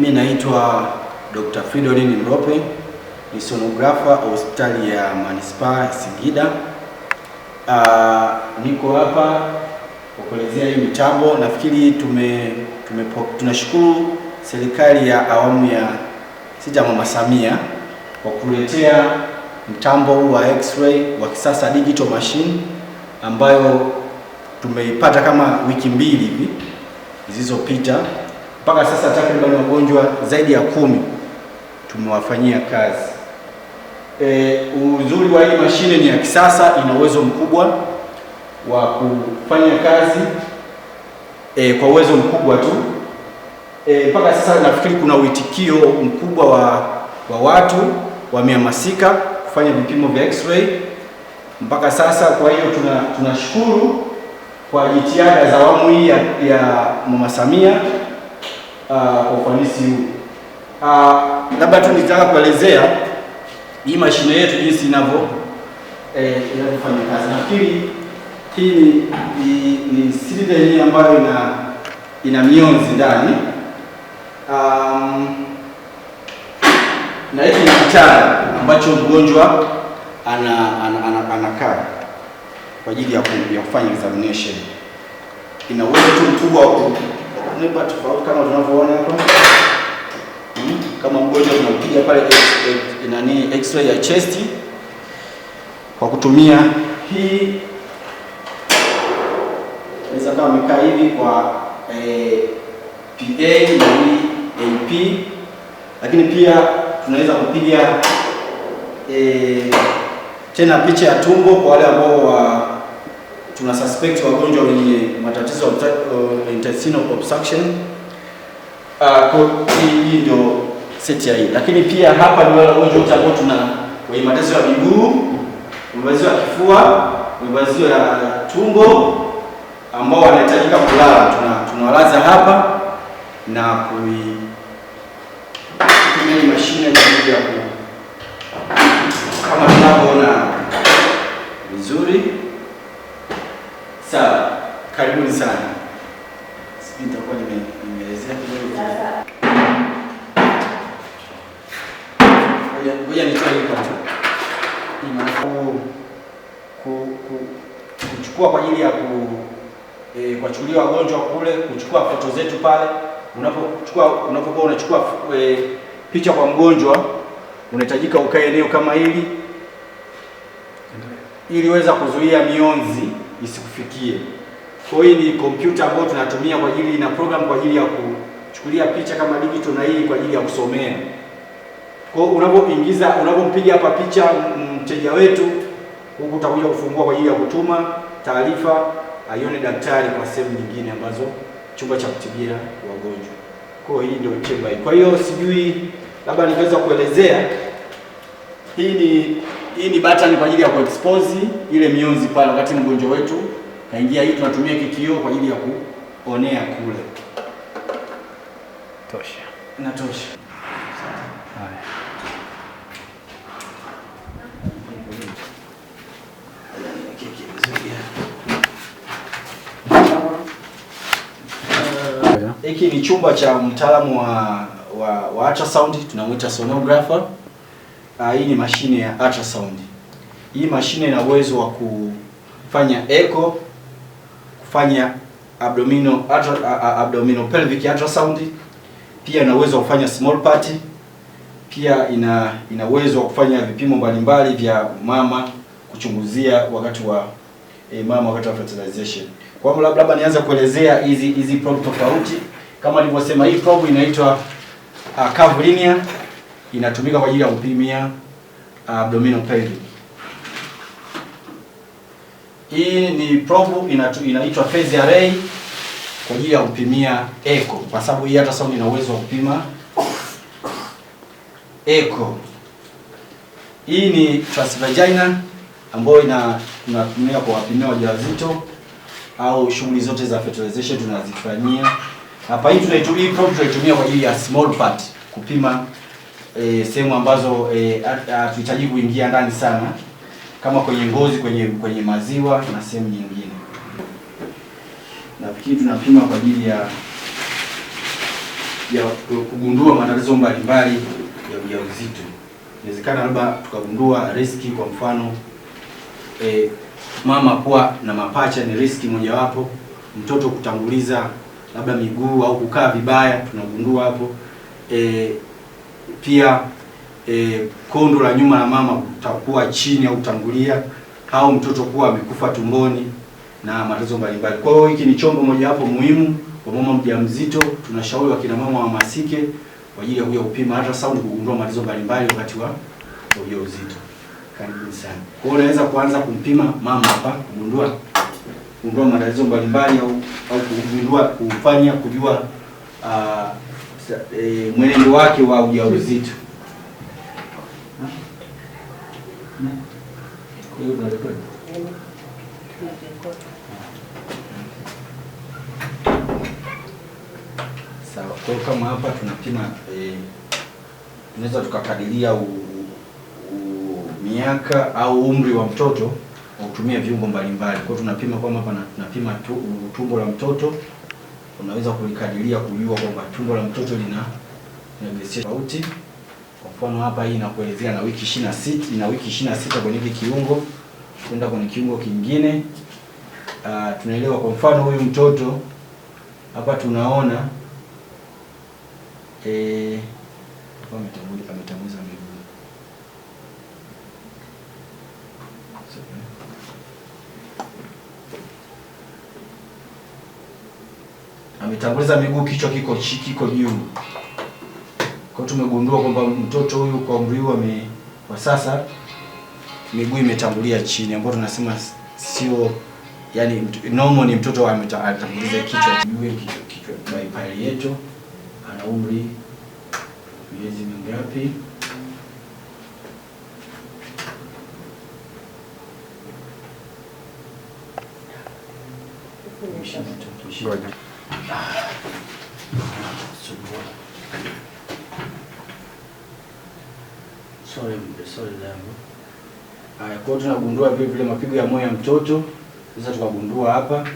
Mimi naitwa Dr. Fridolin Mrope ni sonografa hospitali ya manispaa ya Singida. Aa, ah, niko hapa kwa kuelezea hii mitambo. Nafikiri tume, tume tunashukuru serikali ya awamu ya sita Mama Samia kwa kuletea mtambo huu wa x-ray wa kisasa digital machine ambayo tumeipata kama wiki mbili hivi zilizopita. Mpaka sasa takriban wagonjwa zaidi ya kumi tumewafanyia kazi. E, uzuri wa hii mashine ni ya kisasa, ina uwezo mkubwa wa kufanya kazi e, kwa uwezo mkubwa tu e, mpaka e, sasa nafikiri kuna uitikio mkubwa wa, wa watu wamehamasika kufanya vipimo vya x-ray mpaka sasa. Kwa hiyo tunashukuru tuna kwa jitihada za awamu hii ya, ya Mama Samia Ah, kwa ufanisi huu. Ah, labda tu nitaka kuelezea hii mashine yetu jinsi inavyo eh, inavyofanya kazi. Nafikiri hii ni, ni silinda hii ambayo ina ina mionzi ndani um, na hiki ni kitanda ambacho mgonjwa ana, ana, ana, anakaa kwa ajili ya kufanya examination. Ina uwezo tu mkubwa wa kunipa tofauti kama tunavyo pale eh, nani x-ray ya chest kwa kutumia hii naweza kama amekaa hivi kwa eh, PA na AP, lakini pia tunaweza kupiga eh, tena picha ya tumbo kwa wale ambao wa tuna suspect wagonjwa wenye matatizo ya eh, intestinal obstruction. Ah, hii ndio seti ya hii. Lakini pia hapa ni wale wagonjwa wote ambao tuna wenye mateso ya miguu, mavazi ya kifua, mavazi ya tumbo ambao wanahitajika kulala, tunawalaza hapa na kutumia mashine ya kama tunavyoona vizuri. Sawa, karibuni sana. Sipita kwa nimeelezea kidogo. ngoja nitoe ku ku kuchukua kwa ajili ya ku e, kuwachukulia wagonjwa kule, kuchukua foto zetu pale. Unapochukua unapokuwa unachukua e, picha kwa mgonjwa, unahitajika ukae eneo kama hili ili weza kuzuia mionzi isikufikie. Kwa hiyo ni kompyuta ambayo tunatumia kwa ajili na program kwa ajili ya kuchukulia picha kama digital, na hii kwa ajili ya kusomea. Kwa hiyo unapoingiza unapompiga hapa picha mteja wetu huku, utakuja kufungua kwa ajili ya kutuma taarifa aione daktari kwa sehemu nyingine ambazo chumba cha kutibia wagonjwa. Kwa hiyo hii ndio chemba hii. Kwa hiyo sijui labda nikiweza kuelezea hii ni hii ni button kwa ajili ya kuexpose ile mionzi pale wakati mgonjwa wetu kaingia. Hii tunatumia kitio kwa ajili ya kuonea kule. Tosha. Inatosha. Haya. Hiki ni chumba cha mtaalamu wa wa, wa ultrasound tunamwita sonographer. Uh, hii ni mashine ya ultrasound. Hii mashine ina uwezo wa kufanya echo, kufanya abdominal ultra, abdominal pelvic ultrasound. Pia ina uwezo wa kufanya small party. Pia ina ina uwezo wa kufanya vipimo mbalimbali vya mama kuchunguzia wakati wa eh, mama wakati wa fertilization. Kwa hiyo labda nianze kuelezea hizi hizi tofauti. Kama nilivyosema, hii probe inaitwa uh, curve linear, inatumika kwa ajili ya kupimia uh, abdominal pain. Hii ni probe inaitwa phase array kwa ajili ya kupimia echo, kwa sababu hii hata sound ina uwezo wa kupima echo. Hii ni transvaginal ambayo ina tunatumia kwa wapimia wajawazito au shughuli zote za fertilization tunazifanyia hapa hii tunaitumia, hii probe tunaitumia kwa ajili ya small part kupima e, sehemu ambazo e, hatuhitaji e, kuingia ndani sana kama kwenye ngozi, kwenye kwenye maziwa na sehemu nyingine. Nafikiri tunapima kwa ajili ya ya kugundua matatizo mbalimbali ya ujauzito. Inawezekana labda tukagundua riski, kwa mfano e, mama kuwa na mapacha ni riski mojawapo, mtoto kutanguliza labda miguu au kukaa vibaya, tunagundua hapo e, pia e, kondo la nyuma la mama kutakuwa chini au kutangulia au mtoto kuwa amekufa tumboni na matatizo mbalimbali. Kwa hiyo hiki ni chombo mojawapo muhimu kwa mama mjamzito. Tunashauri wakina mama wahamasike kwa ajili ya kuja kupima ultrasound kugundua matatizo mbalimbali wakati wa ujauzito. Karibuni sana. Kwa hiyo unaweza kuanza kumpima mama hapa kugundua kugundua matatizo mbalimbali au au kugundua kufanya kujua uh, e, mwenendo wake wa ujauzito. Sawa, kwa kama hapa tunapima eh, tunaweza tukakadiria miaka au umri wa mtoto kwa kutumia viungo mbalimbali. Kwa hiyo tunapima kwamba tunapima tu, tumbo la mtoto unaweza kulikadiria kujua kwamba tumbo la mtoto lina na tofauti. Kwa mfano hapa hii inakuelezea na wiki 26 ina wiki 26 kwenye hiki kiungo kwenda kwenye kiungo kingine. Uh, tunaelewa kwa mfano huyu mtoto hapa tunaona eh, ametambulika ametambuliza ametanguliza miguu, kichwa kiko kiko juu. Kwa tumegundua kwamba mtoto huyu kwa umri huu kwa sasa miguu imetangulia chini, ambapo tunasema sio yani normal ni mtoto ametanguliza kichwa juu. Kichwa bypass yetu ana umri miezi mingapi? Ngoja. Sorry mbe, sorry zangu. Haya, kwa tunagundua vile vile mapigo ya moyo ya mtoto. Sasa tukagundua hapa